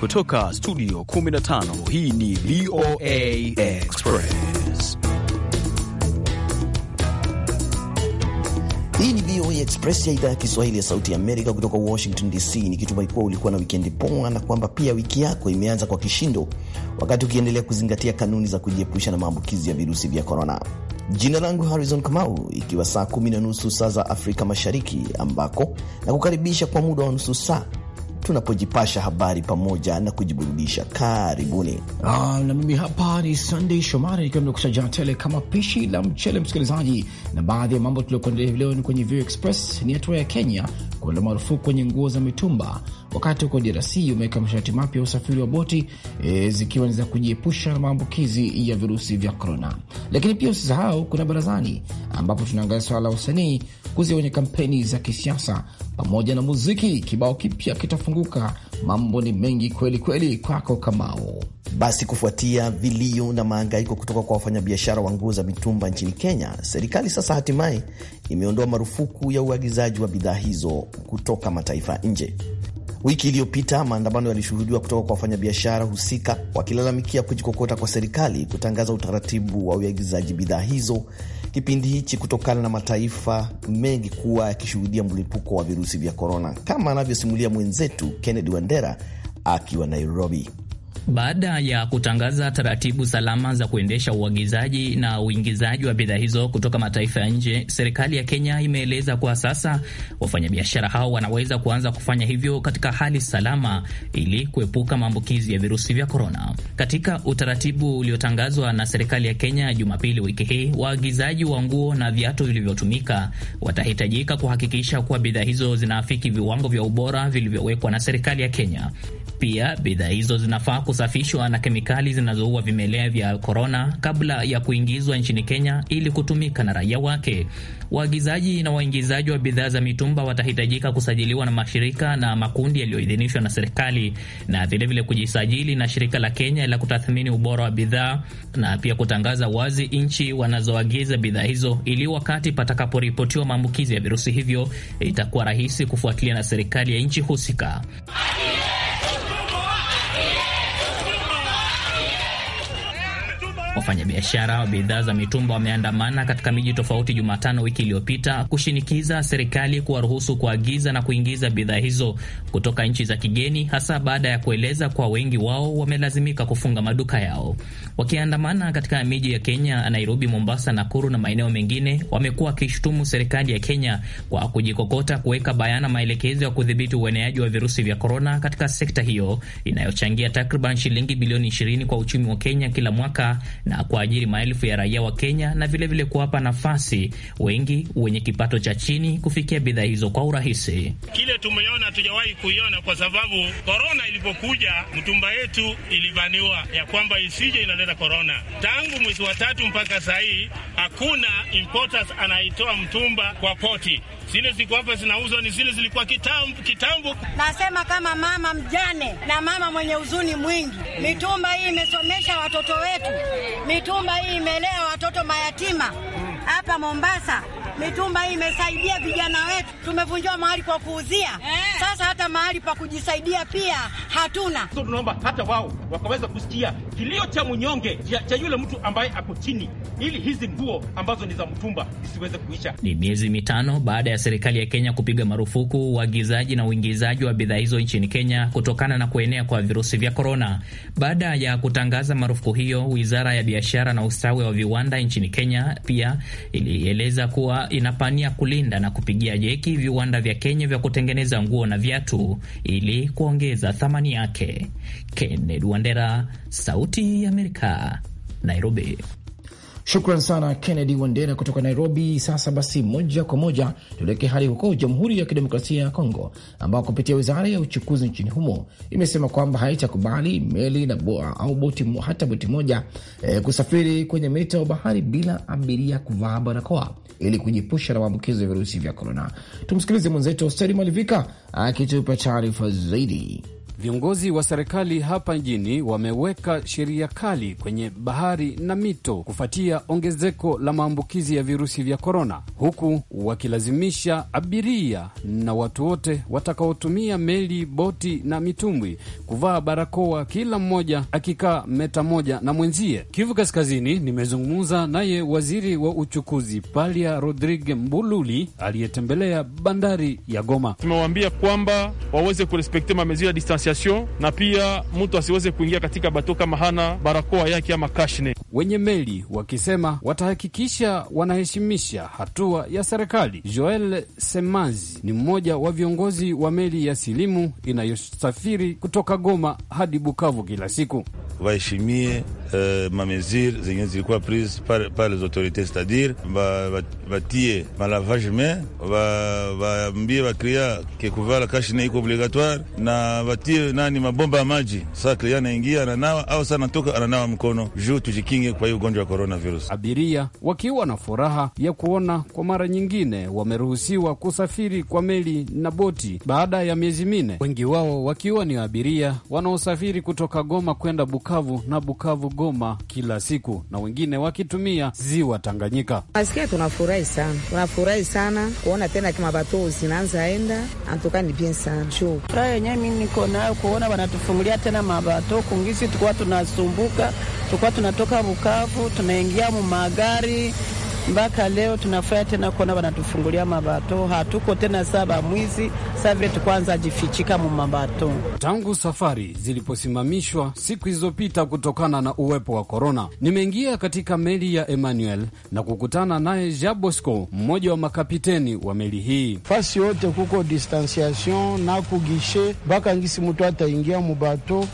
Kutoka studio 15 hii ni VOA Express. Hii ni VOA Express ya idhaa ya Kiswahili ya Sauti ya Amerika kutoka Washington DC, nikitumai kuwa ulikuwa na wikendi poa na kwamba pia wiki yako imeanza kwa kishindo, wakati ukiendelea kuzingatia kanuni za kujiepusha na maambukizi ya virusi vya korona. Jina langu Harrison Kamau, ikiwa saa kumi na nusu saa za Afrika Mashariki, ambako na kukaribisha kwa muda wa nusu saa tunapojipasha habari pamoja na kujiburudisha. Karibuni. Ah, na mimi hapa ni Sunday Shomari nikiwa nimekushaja tele kama pishi la mchele, msikilizaji, na baadhi ya mambo tuliokuendelea hivileo leo ni kwenye Vio Express. Ni hatua ya Kenya kuondoa marufuku kwenye nguo za mitumba, wakati huko DRC umeweka masharti mapya ya usafiri wa boti e, zikiwa ni za kujiepusha na maambukizi ya virusi vya korona. Lakini pia usisahau kuna barazani, ambapo tunaangalia swala la usanii kuzia kwenye kampeni za kisiasa pamoja na muziki. Kibao kipya kitafunguka. Mambo ni mengi kweli kweli. Kwako Kamao. Basi, kufuatia vilio na maangaiko kutoka kwa wafanyabiashara wa nguo za mitumba nchini Kenya, serikali sasa hatimaye imeondoa marufuku ya uagizaji wa bidhaa hizo kutoka mataifa nje. Wiki iliyopita maandamano yalishuhudiwa kutoka kwa wafanyabiashara husika wakilalamikia kujikokota kwa serikali kutangaza utaratibu wa uagizaji bidhaa hizo kipindi hichi kutokana na mataifa mengi kuwa yakishuhudia mlipuko wa virusi vya korona, kama anavyosimulia mwenzetu Kennedy Wandera akiwa Nairobi. Baada ya kutangaza taratibu salama za kuendesha uagizaji na uingizaji wa bidhaa hizo kutoka mataifa ya nje, serikali ya Kenya imeeleza kuwa sasa wafanyabiashara hao wanaweza kuanza kufanya hivyo katika hali salama ili kuepuka maambukizi ya virusi vya korona. Katika utaratibu uliotangazwa na serikali ya Kenya Jumapili wiki hii, waagizaji wa nguo na viatu vilivyotumika watahitajika kuhakikisha kuwa bidhaa hizo zinaafiki viwango vya ubora vilivyowekwa na serikali ya Kenya. Pia bidhaa hizo zinafaa kusafishwa na kemikali zinazoua vimelea vya korona kabla ya kuingizwa nchini Kenya ili kutumika na raia wake. Waagizaji na waingizaji wa bidhaa za mitumba watahitajika kusajiliwa na mashirika na makundi yaliyoidhinishwa na serikali na vilevile kujisajili na shirika la Kenya la kutathmini ubora wa bidhaa na pia kutangaza wazi nchi wanazoagiza bidhaa hizo, ili wakati patakaporipotiwa maambukizi ya virusi hivyo itakuwa rahisi kufuatilia na serikali ya nchi husika. Wafanyabiashara wa bidhaa za mitumba wameandamana katika miji tofauti Jumatano wiki iliyopita kushinikiza serikali kuwaruhusu kuagiza na kuingiza bidhaa hizo kutoka nchi za kigeni, hasa baada ya kueleza kwa wengi wao wamelazimika kufunga maduka yao. Wakiandamana katika miji ya Kenya, Nairobi, Mombasa, Nakuru na maeneo mengine, wamekuwa wakishutumu serikali ya Kenya kwa kujikokota kuweka bayana maelekezo ya kudhibiti ueneaji wa virusi vya korona katika sekta hiyo inayochangia takriban shilingi bilioni 20 kwa uchumi wa Kenya kila mwaka na kuajiri maelfu ya raia wa Kenya na vilevile kuwapa nafasi wengi wenye kipato cha chini kufikia bidhaa hizo kwa urahisi. Kile tumeona hatujawahi kuiona, kwa sababu korona ilipokuja mtumba yetu ilivaniwa ya kwamba isije inaleta korona. Tangu mwezi wa tatu mpaka sahii hakuna importers anaitoa mtumba kwa poti Zile ziko hapa zinauzwa ni zile zilikuwa kitambo kitambo. Nasema kama mama mjane na mama mwenye huzuni mwingi, mitumba hii imesomesha watoto wetu, mitumba hii imelea watoto mayatima hapa Mombasa. Mitumba hii imesaidia vijana wetu, tumevunjwa mahali kwa kuuzia, eh. sasa hata mahali pa kujisaidia pia hatuna. Tunaomba hata wao wakaweza kusikia kilio cha mnyonge cha yule mtu ambaye ako chini ili hizi nguo ambazo ni za mtumba zisiweze kuisha. Ni miezi mitano baada ya serikali ya Kenya kupiga marufuku uagizaji na uingizaji wa bidhaa hizo nchini Kenya kutokana na kuenea kwa virusi vya korona. Baada ya kutangaza marufuku hiyo, wizara ya biashara na ustawi wa viwanda nchini Kenya pia ilieleza kuwa inapania kulinda na kupigia jeki viwanda vya Kenya vya kutengeneza nguo na viatu ili kuongeza thamani yake. Kennedy Wandera, Sauti ya Amerika, Nairobi. Shukran sana Kennedy Wandera kutoka Nairobi. Sasa basi, moja kwa moja tuelekee hadi huko Jamhuri ya Kidemokrasia ya Kongo, ambao kupitia wizara ya uchukuzi nchini humo imesema kwamba haitakubali meli na boa, au boti, hata boti moja eh, kusafiri kwenye mita wa bahari bila abiria kuvaa barakoa ili kujiepusha na maambukizo ya virusi vya korona. Tumsikilize mwenzetu Hosteri Malivika akitupa taarifa zaidi. Viongozi wa serikali hapa nchini wameweka sheria kali kwenye bahari na mito kufuatia ongezeko la maambukizi ya virusi vya korona, huku wakilazimisha abiria na watu wote watakaotumia meli, boti na mitumbwi kuvaa barakoa, kila mmoja akikaa meta moja na mwenzie. Kivu Kaskazini, nimezungumza naye waziri wa uchukuzi Palia Rodrigue Mbululi aliyetembelea bandari ya Goma. Tumewaambia kwamba waweze kurespekti mamezio ya distansi distanciation na pia mtu asiweze kuingia katika bato kama hana barakoa yake ama kashne. Wenye meli wakisema watahakikisha wanaheshimisha hatua ya serikali. Joel Semazi ni mmoja wa viongozi wa meli ya Silimu inayosafiri kutoka Goma hadi Bukavu kila siku. Waheshimie uh, mamezir zenye zilikuwa pris par, par les autorites cetadire watie malavage main waambie wakria ke kashne iko obligatoire na watie hiyo nani mabomba ya maji sakle yanaingia ananawa, au sana anatoka ananawa mkono juu tujikinge kwa hiyo ugonjwa wa coronavirus. Abiria wakiwa na furaha ya kuona kwa mara nyingine wameruhusiwa kusafiri kwa meli na boti baada ya miezi minne, wengi wao wakiwa ni abiria wanaosafiri kutoka Goma kwenda Bukavu na Bukavu Goma kila siku, na wengine wakitumia ziwa Tanganyika. Nasikia tunafurahi sana, tunafurahi sana kuona tena kimabato zinaanza enda antukani bien sana juu furaha yenyewe mi niko nayo wao kuona wanatufungulia tena mabato kungisi, tukuwa tunasumbuka, tukuwa tunatoka Bukavu tunaingia mumagari mpaka leo tunafurahi tena kuona wanatufungulia mabato, hatuko tena saba mwizi saa vile tukwanza jifichika mu mabato. Tangu safari ziliposimamishwa siku zilizopita kutokana na uwepo wa korona, nimeingia katika meli ya Emmanuel na kukutana naye Bosco, mmoja wa makapiteni wa meli hii. Fasi yote kuko distanciation na kugishe mpaka ngisi mtu ataingia mubato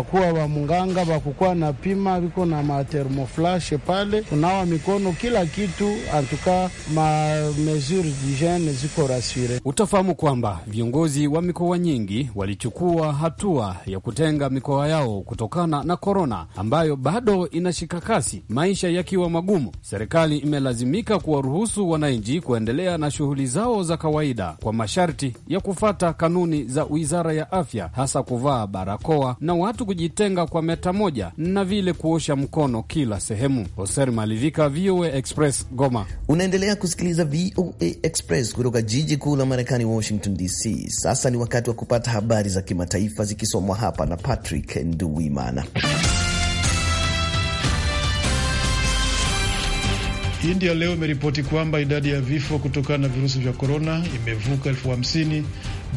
watakuwa munganga wakukuwa na pima viko na matermoflashe pale, kunawa mikono, kila kitu antuka, ma mesure dijene ziko rasire. Utafahamu kwamba viongozi wa mikoa nyingi walichukua hatua ya kutenga mikoa yao kutokana na korona ambayo bado inashika kasi, maisha yakiwa magumu. Serikali imelazimika kuwaruhusu wananchi kuendelea na shughuli zao za kawaida kwa masharti ya kufata kanuni za Wizara ya Afya, hasa kuvaa barakoa na watu watu kujitenga kwa meta moja na vile kuosha mkono kila sehemu. Hoser Malivika, VOA Express, Goma. Unaendelea kusikiliza VOA Express kutoka jiji kuu la Marekani, Washington DC. Sasa ni wakati wa kupata habari za kimataifa zikisomwa hapa na Patrick Nduwimana. India leo imeripoti kwamba idadi ya vifo kutokana na virusi vya korona imevuka elfu hamsini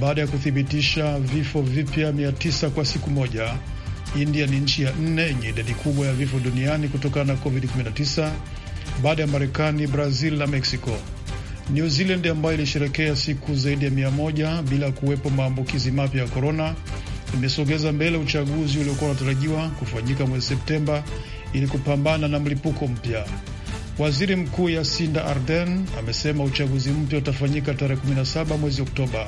baada ya kuthibitisha vifo vipya 9 kwa siku moja. India ni nchi ya nne yenye idadi kubwa ya vifo duniani kutokana na COVID-19 baada ya Marekani, Brazil na Mexico. New Zealand ambayo ilisherekea siku zaidi ya mia moja bila kuwepo maambukizi mapya ya korona imesogeza mbele uchaguzi uliokuwa unatarajiwa kufanyika mwezi Septemba ili kupambana na mlipuko mpya. Waziri Mkuu Jacinda arden amesema uchaguzi mpya utafanyika tarehe 17 mwezi Oktoba.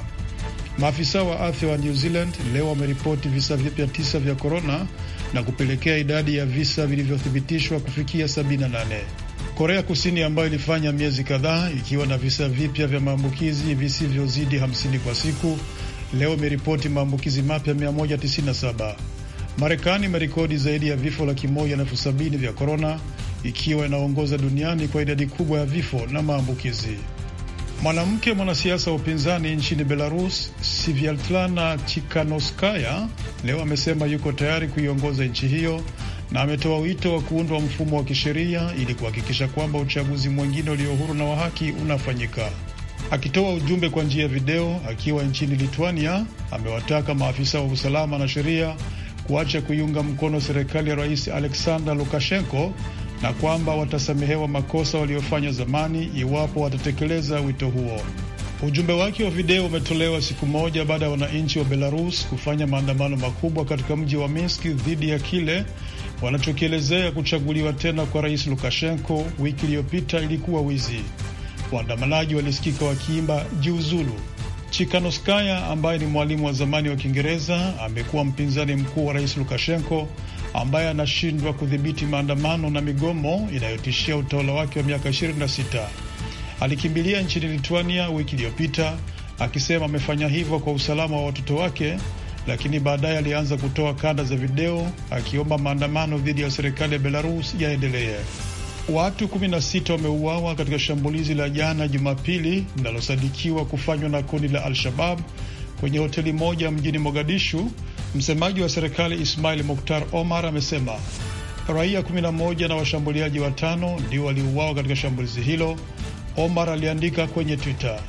Maafisa wa afya wa New Zealand leo wameripoti visa vipya tisa vya korona na kupelekea idadi ya visa vilivyothibitishwa kufikia 78. Korea Kusini ambayo ilifanya miezi kadhaa ikiwa na visa vipya vya maambukizi visivyozidi 50 kwa siku, leo imeripoti maambukizi mapya 197. Marekani imerekodi zaidi ya vifo laki moja na elfu sabini vya korona ikiwa inaongoza duniani kwa idadi kubwa ya vifo na maambukizi. Mwanamke mwanasiasa wa upinzani nchini Belarus, Sviatlana Chikanoskaya, leo amesema yuko tayari kuiongoza nchi hiyo na ametoa wito wa kuundwa mfumo wa kisheria ili kuhakikisha kwamba uchaguzi mwingine ulio huru na wa haki unafanyika. Akitoa ujumbe kwa njia ya video akiwa nchini Lithuania, amewataka maafisa wa usalama na sheria kuacha kuiunga mkono serikali ya Rais Aleksandar Lukashenko na kwamba watasamehewa makosa waliofanya zamani iwapo watatekeleza wito huo. Ujumbe wake wa video umetolewa siku moja baada ya wananchi wa Belarus kufanya maandamano makubwa katika mji wa Minsk dhidi ya kile wanachokielezea kuchaguliwa tena kwa rais Lukashenko. Wiki iliyopita ilikuwa wizi. Waandamanaji walisikika wakiimba jiuzulu. Chikanoskaya ambaye ni mwalimu wa zamani wa Kiingereza amekuwa mpinzani mkuu wa rais Lukashenko ambaye anashindwa kudhibiti maandamano na migomo inayotishia utawala wake wa miaka 26. Alikimbilia nchini Lituania wiki iliyopita akisema amefanya hivyo kwa usalama wa watoto wake, lakini baadaye alianza kutoa kanda za video akiomba maandamano dhidi ya serikali ya Belarus yaendelee. Watu 16 wameuawa katika shambulizi la jana Jumapili linalosadikiwa kufanywa na kundi la Al-Shabab kwenye hoteli moja mjini Mogadishu Msemaji wa serikali Ismail Moktar Omar amesema raia 11 na washambuliaji watano ndio waliuawa katika shambulizi hilo, Omar aliandika kwenye Twitter.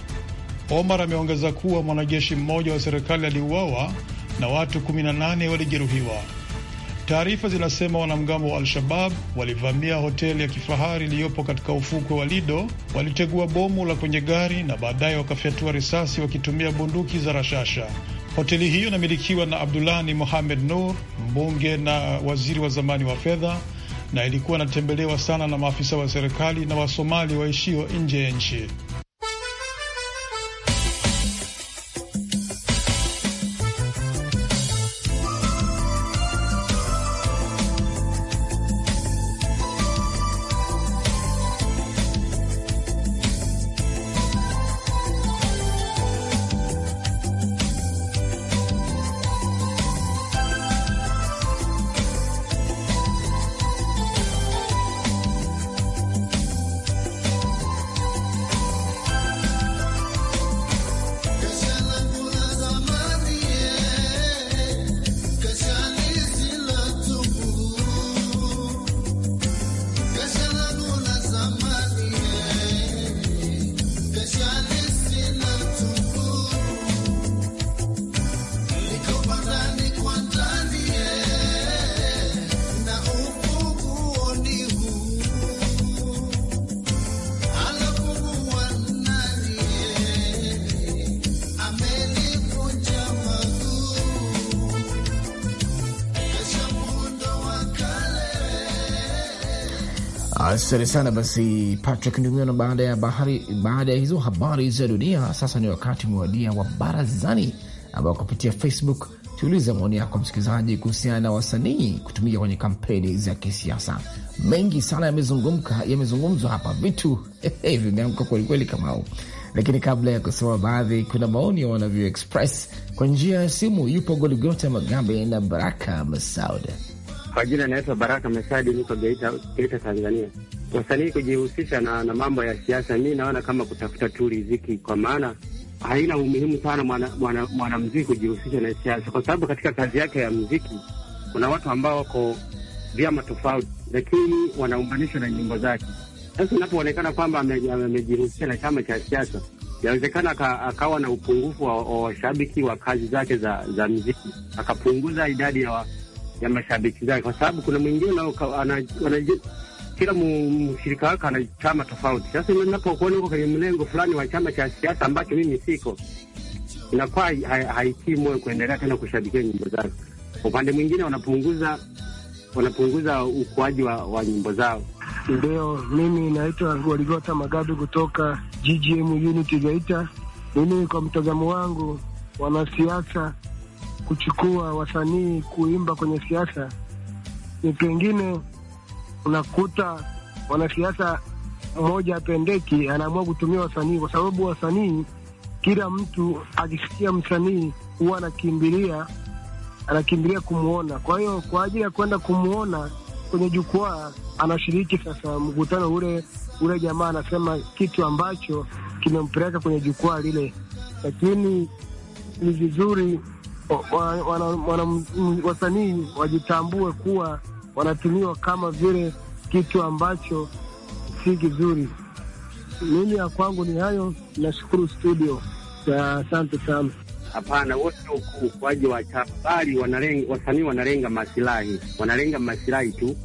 Omar ameongeza kuwa mwanajeshi mmoja wa serikali aliuawa na watu 18 walijeruhiwa. Taarifa zinasema wanamgambo wa Al-Shabab walivamia hoteli ya kifahari iliyopo katika ufukwe wa Lido, walitegua bomu la kwenye gari na baadaye wakafyatua risasi wakitumia bunduki za rashasha. Hoteli hiyo inamilikiwa na Abdulani muhamed Nur, mbunge na waziri wa zamani wa fedha, na ilikuwa inatembelewa sana na maafisa wa serikali na Wasomali waishio nje ya nchi. Asante sana basi Patrick Ndungano. Baada ya bahari, baada ya hizo habari za dunia, sasa ni wakati umewadia wa barazani, ambao kupitia Facebook tuuliza maoni yako msikilizaji kuhusiana na wasanii kutumika kwenye kampeni za kisiasa. Mengi sana yamezungumka yamezungumzwa hapa, vitu vimeamka kwelikweli Kamau. Lakini kabla ya kusoma baadhi, kuna maoni ya wanavyo express kwa njia ya simu. Yupo Goligota magambe na Baraka Masaud. Kwa jina naitwa Baraka Mesadi, niko Geita, Geita, Tanzania wasanii kujihusisha na, na mambo ya siasa, mi naona kama kutafuta tu riziki, kwa maana haina umuhimu sana mwanamziki mwana, mwana kujihusisha na siasa, kwa sababu katika kazi yake ya mziki kuna watu ambao wako vyama tofauti, lakini wanaunganishwa na nyimbo zake. Sasa inapoonekana kwamba amejihusisha na chama cha siasa, inawezekana akawa na upungufu wa washabiki wa kazi zake za, za mziki, akapunguza idadi ya, wa, ya mashabiki zake, kwa sababu kuna mwingine kila mshirika wake ana chama tofauti. Sasa ninapokuona huko kwenye mlengo fulani wa chama cha siasa ambacho mimi siko, inakuwa haitii moyo kuendelea tena kushabikia nyimbo zao. Upande mwingine wanapunguza wanapunguza ukuaji wa, wa nyimbo zao. Ndio, mimi naitwa Goligota Magadu kutoka GGM Unity Geita. Mimi kwa mtazamo wangu, wanasiasa kuchukua wasanii kuimba kwenye siasa ni pengine unakuta mwanasiasa mmoja apendeki, anaamua kutumia wasanii, kwa sababu wasanii, kila mtu akisikia msanii huwa anakimbilia anakimbilia kumwona. Kwa hiyo kwa ajili ya kwenda kumwona kwenye jukwaa, anashiriki sasa mkutano ule ule, jamaa anasema kitu ambacho kimempeleka kwenye jukwaa lile, lakini ni vizuri wasanii wajitambue kuwa wanatumiwa kama vile kitu ambacho si kizuri. Mimi ya kwangu ni hayo, nashukuru studio na asante sana. Hapana, wote ukuaji wa habari wasanii wanalenga masilahi, wanalenga masilahi tu,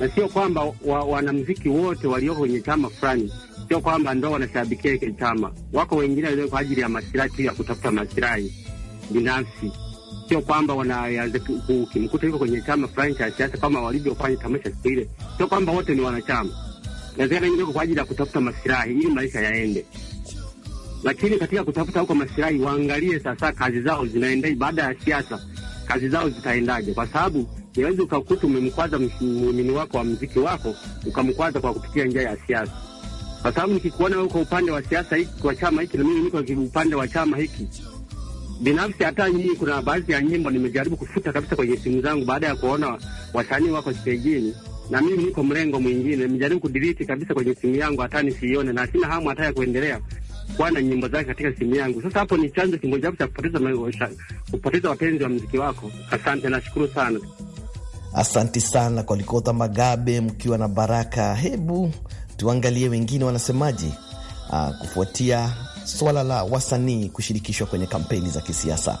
na sio kwamba wa, wanamziki wote walioko kwenye chama fulani, sio kwamba ndo wanashabikia hiki chama. Wako wengine walio kwa ajili ya masilahi tu ya kutafuta masilahi binafsi sio kwamba wanaanza kukimkuta yuko kwenye chama fulani cha siasa kama walivyofanya tamasha siku ile, sio kwamba wote ni wanachama. Nawezekana wengine kwa ajili ya kutafuta masilahi ili maisha yaende, lakini katika kutafuta huko masilahi waangalie sasa kazi zao zinaendaje, baada ya siasa kazi zao zitaendaje, kwa sababu niwezi ukakuta umemkwaza muumini wako wa mziki wako ukamkwaza kwa kupitia njia ya siasa, kwa sababu nikikuona wewe uko upande wa siasa hiki kwa chama hiki na mimi niko upande wa chama hiki binafsi hata nyinyi, kuna baadhi ya nyimbo nimejaribu kufuta kabisa kwenye simu zangu baada ya kuona wasanii wako stejini na mimi niko mrengo mwingine, nimejaribu kudelete kabisa kwenye simu yangu hata nisione, na sina hamu hata ya kuendelea kuwa na nyimbo zake katika simu yangu. Sasa hapo ni chanzo kimojawapo cha kupoteza kupoteza wapenzi wa mziki wako. Asante, nashukuru sana. asanti sana kwa Likota Magabe mkiwa na Baraka. Hebu tuangalie wengine wanasemaje, ah, kufuatia swala la wasanii kushirikishwa kwenye kampeni za kisiasa.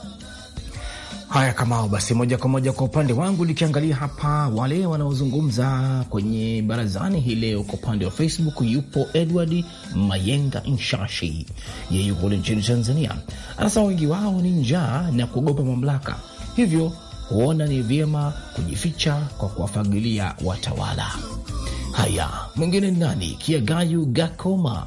Haya, Kamao, basi moja kwa moja kwa upande wangu nikiangalia hapa wale wanaozungumza kwenye barazani hii leo, kwa upande wa Facebook yupo Edward Mayenga Nshashi, yeye yupo kule nchini Tanzania. Anasema wengi wao ni njaa na kuogopa mamlaka, hivyo huona ni vyema kujificha kwa kuwafagilia watawala. Haya, mwingine ni nani? Kiagayu Gakoma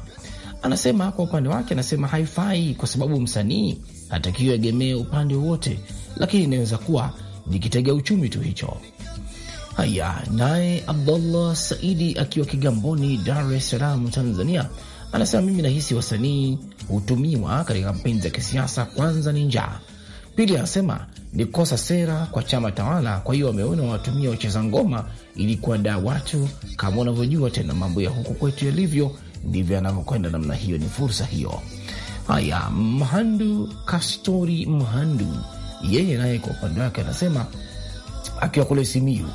Anasema kwa upande wake, anasema haifai kwa sababu msanii hatakiwa egemee upande wowote, lakini inaweza kuwa nikitega uchumi tu hicho. Haya, naye Abdullah Saidi akiwa Kigamboni, Dar es Salaam, Tanzania, anasema mimi nahisi wasanii hutumiwa katika kampeni za kisiasa. Kwanza ni njaa, pili anasema ni kosa sera kwa chama tawala, kwa hiyo wameona watumia wacheza ngoma ili kuwadaa watu, kama unavyojua tena mambo ya huku kwetu yalivyo ndivyo anavyokwenda namna hiyo, ni fursa hiyo. Haya, Mhandu Kastori Mhandu yeye naye kwa upande wake anasema akiwa kule simiu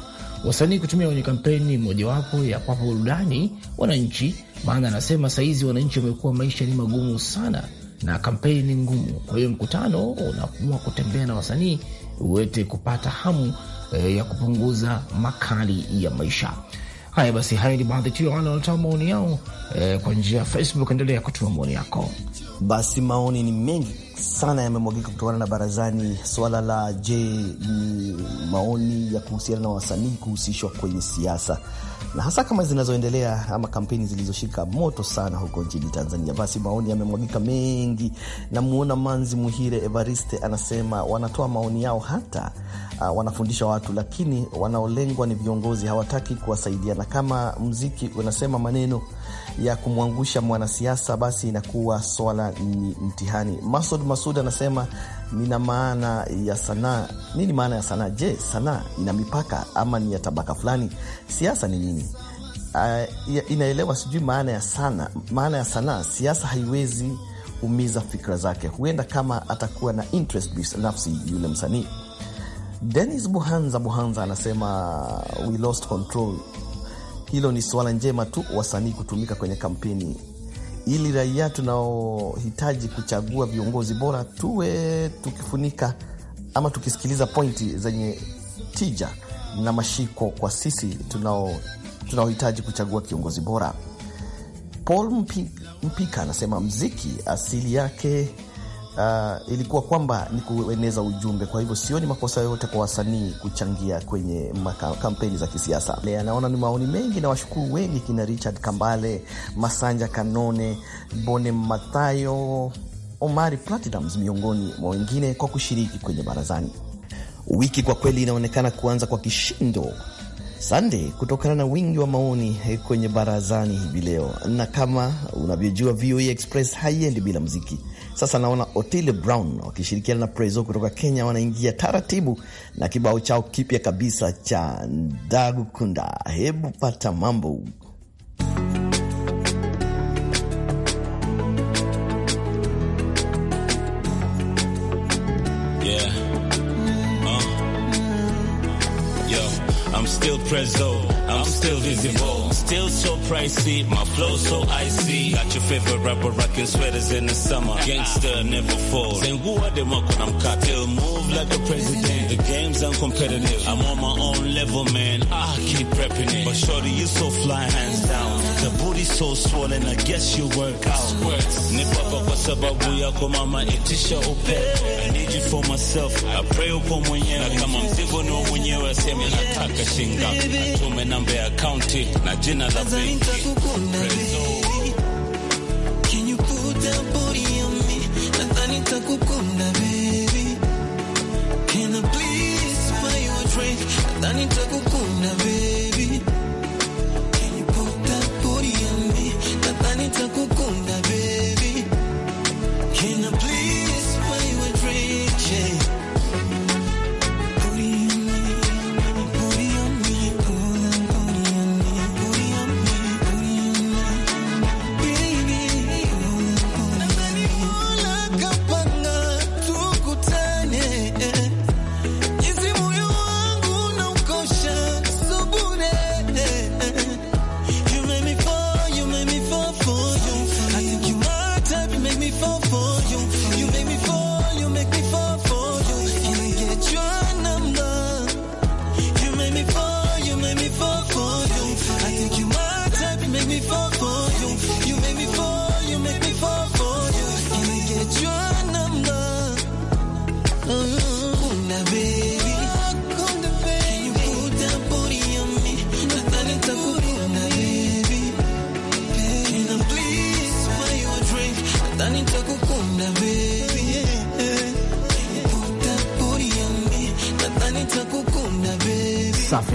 wasanii kutumia kwenye kampeni mojawapo ya kwapa burudani wananchi, maana anasema saizi wananchi wamekuwa, maisha ni magumu sana na kampeni ni ngumu. Kwa hiyo mkutano unaamua kutembea na wasanii uwete kupata hamu e, ya kupunguza makali ya maisha. Haya basi, hayo ni baadhi tu ya wale wanatoa maoni yao eh, kwa njia ya Facebook. Endelea kutuma maoni yako. Basi maoni ni mengi sana yamemwagika kutokana na barazani. Swala la je, maoni ya kuhusiana na wasanii kuhusishwa kwenye siasa na hasa kama zinazoendelea ama kampeni zilizoshika moto sana huko nchini Tanzania. Basi maoni yamemwagika mengi. Namwona Manzi Muhire Evariste anasema wanatoa maoni yao hata uh, wanafundisha watu, lakini wanaolengwa ni viongozi, hawataki kuwasaidiana. Kama mziki unasema maneno ya kumwangusha mwanasiasa, basi inakuwa swala ni mtihani. Masud Masud anasema nina maana ya sanaa. Nini maana ya sanaa? Je, sanaa ina mipaka ama ni ya tabaka fulani? Siasa ni nini? Uh, inaelewa sijui maana ya sana, maana ya sanaa. Siasa haiwezi umiza fikra zake, huenda kama atakuwa na interest binafsi yule msanii. Denis Buhanza Buhanza anasema we lost control. Hilo ni suala njema tu, wasanii kutumika kwenye kampeni ili raia tunaohitaji kuchagua viongozi bora tuwe tukifunika ama tukisikiliza pointi zenye tija na mashiko kwa sisi tunaohitaji kuchagua kiongozi bora. Paul Mpika anasema mziki asili yake uh, ilikuwa kwamba ni kueneza ujumbe. Kwa hivyo sioni makosa yoyote kwa wasanii kuchangia kwenye maka, kampeni za kisiasa. Anaona ni maoni mengi na washukuru wengi kina Richard Kambale, Masanja Kanone, Bone Mathayo, Omari Platinums miongoni mwa wengine kwa kushiriki kwenye barazani. Wiki kwa kweli inaonekana kuanza kwa kishindo Sande, kutokana na wingi wa maoni eh, kwenye barazani hivi leo, na kama unavyojua VOA e Express haiendi bila mziki. Sasa naona Otile Brown wakishirikiana na Prezo kutoka Kenya wanaingia taratibu na kibao chao kipya kabisa cha Ndagu Kunda. Hebu pata mambo yeah. uh. Yo, I'm still Prezo I'm still visible. Still so pricey, my flow so icy. Got your favorite rapper rocking sweaters in the summer. Gangster never fall. And who are they mark when I'm cocked? Still move like a president. The game's uncompetitive. I'm on my own level, man. I keep prepping it. But shorty, you so fly, hands down. The body so swollen, I guess you work out. Nipapa kwa sababu yako mama, itisha upepo. I need you for myself, I pray upo mwenyewe. Na kama mzigo ni mwenyewe, aseme nataka shingapi, tume namba ya akaunti na jina la benki.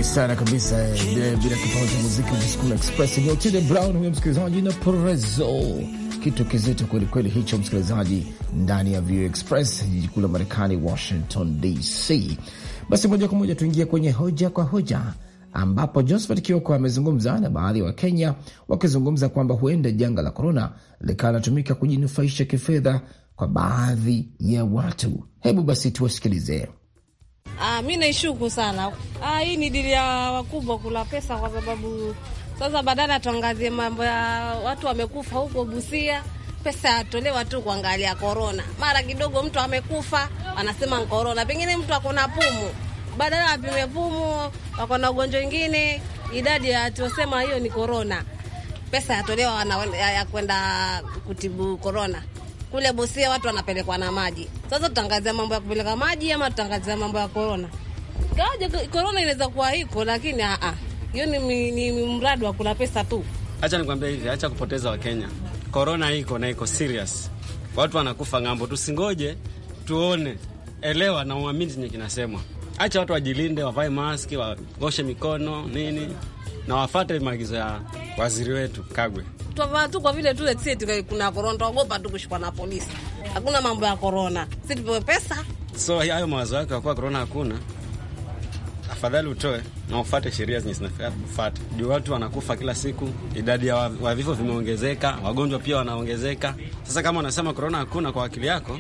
safi sana kabisa, eh, eh, bila kipao cha muziki msukuma express ni Otile Brown huyo msikilizaji na Prezo, kitu kizito kweli kweli hicho msikilizaji, ndani ya View Express, jiji kuu la Marekani, Washington DC. Basi moja kwa moja tuingie kwenye hoja kwa hoja, ambapo Josephat Kioko amezungumza na baadhi ya Wakenya wakizungumza kwamba huenda janga la korona likawa linatumika kujinufaisha kifedha kwa baadhi ya watu. Hebu basi tuwasikilize. Ah, mi naishuku sana. Ah, hii ni dili ya wakubwa kula pesa, kwa sababu sasa badala tuangazie mambo ya watu wamekufa huko Busia, pesa yatolewa tu kuangalia korona. Mara kidogo mtu amekufa anasema ni korona, pengine mtu akona pumu, badala apime pumu, wakona ugonjwa wengine, idadi ya hiyo ni korona, pesa yatolewa ya kwenda kutibu korona kule Busia watu wanapelekwa na maji. Sasa tutangazia mambo ya kupeleka maji ama tutangazia mambo ya korona? Kaja korona inaweza kuwa iko, lakini a a hiyo ni, ni mradi wa kula pesa tu. Acha nikuambia hivi, acha kupoteza Wakenya. Korona iko na iko serious, watu wanakufa ng'ambo. Tusingoje tuone, elewa na uamini chenye kinasemwa. Acha watu wajilinde, wavae maski, waoshe mikono nini, na wafate maagizo ya waziri wetu Kagwe tutavaa tu kwa vile tu si kuna korona, tutaogopa tu kushikwa na polisi. Hakuna mambo ya korona, si tupewe pesa. So hayo mawazo yake kwa korona hakuna, afadhali utoe na ufate sheria zenye zinafaa kufata, juu watu wanakufa kila siku, idadi ya wa vifo vimeongezeka, wagonjwa pia wanaongezeka. Sasa kama unasema korona hakuna, kwa akili yako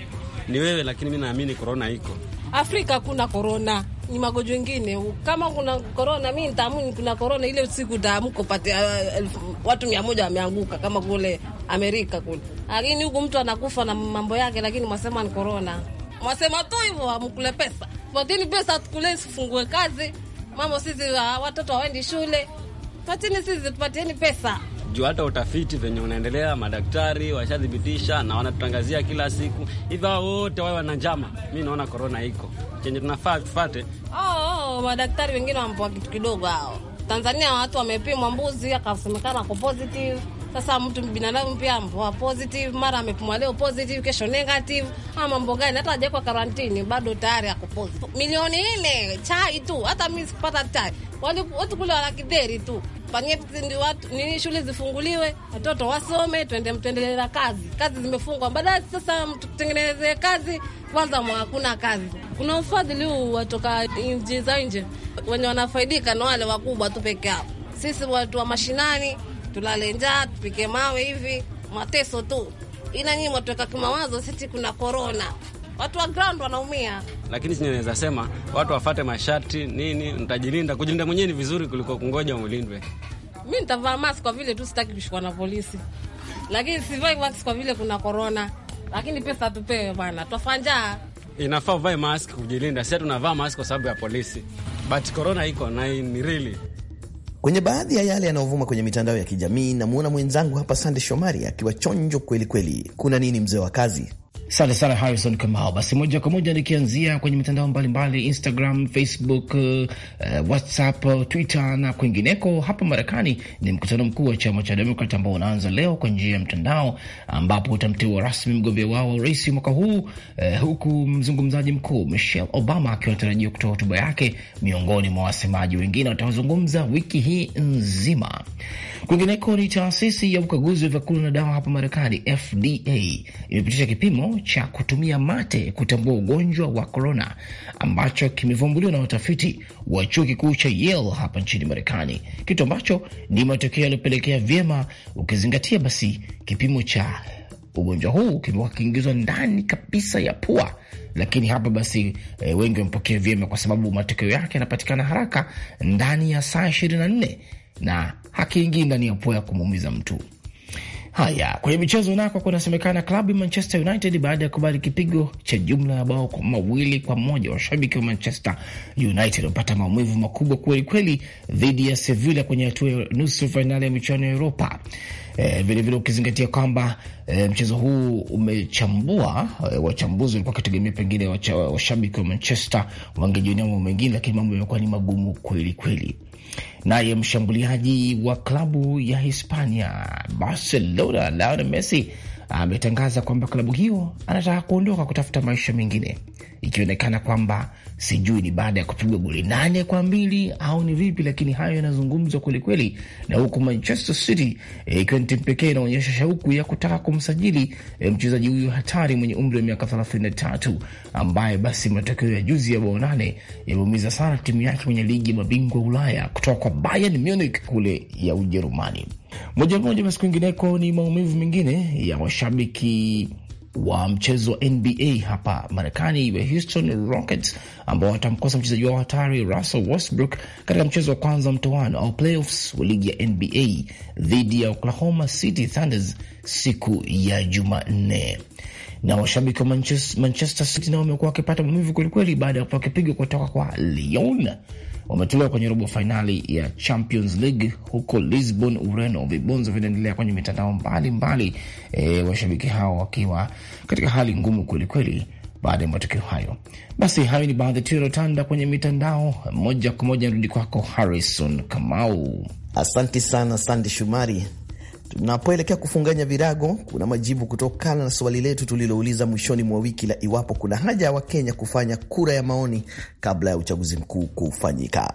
ni wewe, lakini mi naamini korona iko Afrika, hakuna korona ni magonjwa mengine. Kama kuna korona, mi nitaamini kuna korona ile siku taamka upate uh, watu mia moja wameanguka kama kule Amerika kule, lakini huku mtu anakufa na mambo yake, lakini mwasema ni korona, mwasema tu hivyo, amkule pesa patini pesa, tukule sifungue kazi, mama sisi uh, watoto hawaendi shule, patini sisi tupatieni pesa juu hata utafiti venye unaendelea, madaktari washathibitisha na wanatutangazia kila siku hivyo, hao wote wawe wana njama. Mi naona korona iko chenye tunafaa tufate. Oh, oh, oh madaktari wengine wamepoa kitu kidogo hao. Tanzania watu wamepimwa mbuzi akasemekana ako positive. Sasa mtu binadamu pia ampoa positive, mara amepimwa leo positive, kesho negative. Ama mambo gani? Hata hajawekwa karantini bado tayari ako positive. Milioni ile chai tu, hata mi sikupata chai, watu kule wanakidheri tu tupangie pindi watu nini, shule zifunguliwe, watoto wasome, twende tuendelee na kazi. Kazi zimefungwa, baadaye sasa tutengeneze kazi kwanza. Hakuna kazi, kuna ufadhili huu watoka nchi za nje, wenye wanafaidika na wale wakubwa tu peke yao. Sisi watu wa mashinani tulale njaa, tupike mawe hivi, mateso tu. ina nyinyi mwatuweka kimawazo, sisi kuna korona watu wa ground wanaumia, lakini sinye naweza sema watu wafate mashati nini, ntajilinda. Kujilinda mwenyewe ni vizuri kuliko kungoja umlindwe. Mi nitavaa mask kwa vile tu sitaki kushikwa na polisi, lakini sivai mask kwa vile kuna korona, lakini pesa tupewe bwana, twafanjaa Inafaa uvae mask kujilinda, si tunavaa mask kwa sababu ya polisi, but corona iko na ni really. Kwenye baadhi ya yale yanayovuma kwenye mitandao ya kijamii, namwona mwenzangu hapa Sande Shomari akiwa chonjo kweli kweli. Kuna nini mzee wa kazi? Asante sana Harrison Kamao. Basi moja kwa moja nikianzia kwenye mitandao mbalimbali, Instagram, Facebook, uh, uh WhatsApp, uh, Twitter na kwingineko. Hapa Marekani ni mkutano mkuu wa chama cha Demokrat ambao unaanza leo kwa njia ya mtandao, ambapo utamteua rasmi mgombea wao wa urais mwaka huu, uh, huku mzungumzaji mkuu Michelle Obama akiwatarajiwa kutoa hotuba yake miongoni mwa wasemaji wengine watazungumza wiki hii nzima. Kwingineko ni taasisi ya ukaguzi wa vyakula na dawa hapa Marekani, FDA, imepitisha kipimo cha kutumia mate kutambua ugonjwa wa korona ambacho kimevumbuliwa na watafiti wa chuo kikuu cha Yale hapa nchini Marekani, kitu ambacho ni matokeo yaliyopelekea vyema, ukizingatia basi kipimo cha ugonjwa huu kimekuwa kiingizwa ndani kabisa ya pua, lakini hapa basi e, wengi wamepokea vyema kwa sababu matokeo yake yanapatikana haraka ndani ya saa 24 na hakiingii ndani ya pua ya kumuumiza mtu. Haya, kwenye michezo nako kunasemekana klabu ya Manchester United baada ya kubali kipigo cha jumla ya bao mawili kwa moja, washabiki wa Manchester United wamepata maumivu makubwa kweli kweli dhidi ya Sevilla kwenye hatua ya nusu fainali ya michuano ya Europa. Vilevile eh, vile ukizingatia kwamba eh, mchezo huu umechambua eh, wachambuzi walikuwa wakitegemea pengine washabiki wa Manchester wangejionea mambo mengine, lakini mambo yamekuwa ni magumu kweli kweli. Naye mshambuliaji wa klabu ya Hispania Barcelona Lionel Messi ametangaza kwamba klabu hiyo anataka kuondoka kutafuta maisha mengine ikionekana kwamba sijui ni baada ya kupigwa goli nane kwa mbili au ni vipi, lakini hayo yanazungumzwa kwelikweli, na huku Manchester City eh, ikiwa ni timu pekee inaonyesha shauku ya kutaka kumsajili e, mchezaji huyu hatari mwenye umri wa miaka tatu ambaye basi matokeo ya juzi ya bao nane yameumiza sana timu yake kwenye ligi ya mabingwa Ulaya kutoka kwa Bayern Munich kule ya Ujerumani. Moja moja basi, kwingineko ni maumivu mengine ya washabiki wa mchezo wa NBA hapa Marekani wa Houston Rockets ambao watamkosa mchezaji wao hatari Russell Westbrook katika mchezo wa kwanza mtoano au playoffs wa ligi ya NBA dhidi ya Oklahoma City Thunders siku ya Jumanne. Na washabiki wa Manchester City nao wamekuwa wakipata maumivu kwelikweli baada ya wakipigwa kipigo kutoka kwa Lyon wametolewa kwenye robo fainali ya Champions League huko Lisbon, Ureno. Vibonzo vinaendelea kwenye mitandao mbalimbali, e, washabiki hao wakiwa katika hali ngumu kwelikweli baada ya matokeo hayo. Basi hayo ni baadhi tu yaliyotanda kwenye mitandao. Moja kwa moja narudi kwako Harrison Kamau. Asante sana Sande Shumari. Tunapoelekea kufunganya virago, kuna majibu kutokana na swali letu tulilouliza mwishoni mwa wiki la iwapo kuna haja ya Wakenya kufanya kura ya maoni kabla ya uchaguzi mkuu kufanyika.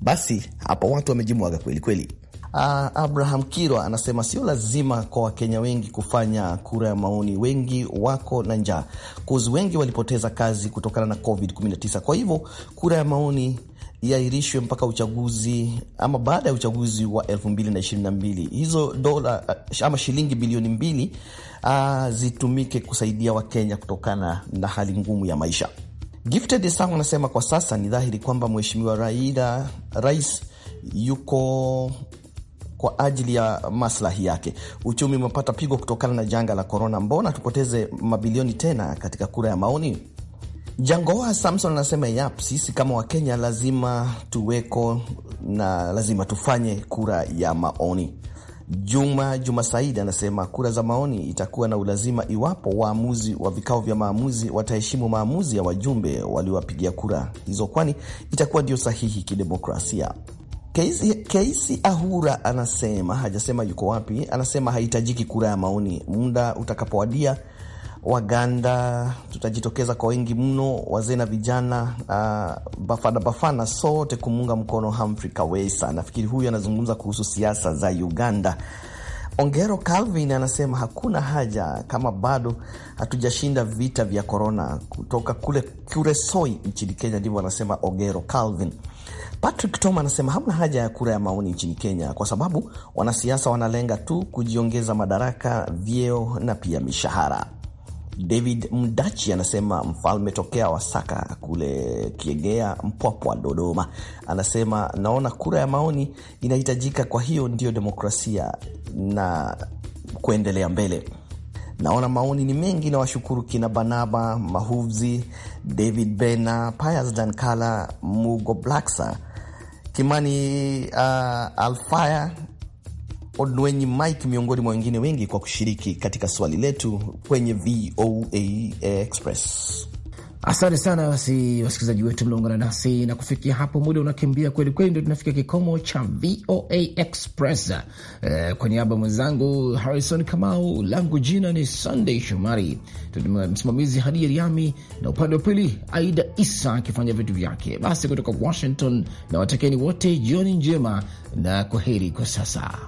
Basi hapa watu wamejimwaga kwelikweli. Uh, ah, Abraham Kirwa anasema sio lazima kwa Wakenya wengi kufanya kura ya maoni, wengi wako na njaa, kozi wengi walipoteza kazi kutokana na COVID-19. Kwa hivyo kura ya maoni iahirishwe mpaka uchaguzi ama baada ya uchaguzi wa 2022. Hizo dola eh, ama shilingi bilioni mbili uh, zitumike kusaidia Wakenya kutokana na hali ngumu ya maisha. Gifted Sang anasema kwa sasa ni dhahiri kwamba Mheshimiwa Raila rais yuko kwa ajili ya maslahi yake. Uchumi umepata pigo kutokana na janga la korona. Mbona tupoteze mabilioni tena katika kura ya maoni? Jangoa Samson anasema yap, sisi kama Wakenya lazima tuweko na lazima tufanye kura ya maoni. Juma Juma saidi anasema kura za maoni itakuwa na ulazima iwapo waamuzi wa vikao vya maamuzi wataheshimu maamuzi ya wajumbe waliowapigia kura hizo, kwani itakuwa ndio sahihi kidemokrasia. Keisi Ahura anasema hajasema yuko wapi, anasema haihitajiki kura ya maoni. Muda utakapowadia Waganda tutajitokeza kwa wengi mno, wazee na vijana, uh, bafana bafana, sote kumuunga mkono Humphrey Kaweisa. Nafikiri huyu anazungumza kuhusu siasa za Uganda. Ongero Calvin anasema hakuna haja kama bado hatujashinda vita vya korona, kutoka kule Kuresoi nchini Kenya. Ndivyo anasema Ongero Calvin. Patrick Tom anasema hamna haja ya kura ya maoni nchini Kenya kwa sababu wanasiasa wanalenga tu kujiongeza madaraka, vyeo na pia mishahara. David Mdachi anasema mfalme tokea Wasaka kule Kiegea, Mpwapwa, Dodoma, anasema naona kura ya maoni inahitajika, kwa hiyo ndiyo demokrasia na kuendelea mbele. Naona maoni ni mengi na washukuru kina Banaba Mahuvzi, David Bena, Pius Dankala, Mugo Blacksa, Kimani, uh, Alfaya Odwenyi Mike miongoni mwa wengine wengi kwa kushiriki katika swali letu kwenye VOA Express. Asante sana basi, wasikilizaji wetu mnaungana nasi na kufikia hapo, muda unakimbia kweli kweli, ndo tunafika kikomo cha VOA Express. Eh, kwa niaba mwenzangu Harrison Kamau, langu jina ni Sunday Shomari, msimamizi Hadi Riami na upande wa pili Aida Isa akifanya vitu vyake. Basi kutoka Washington na watakeni wote jioni njema na kwaheri kwa sasa.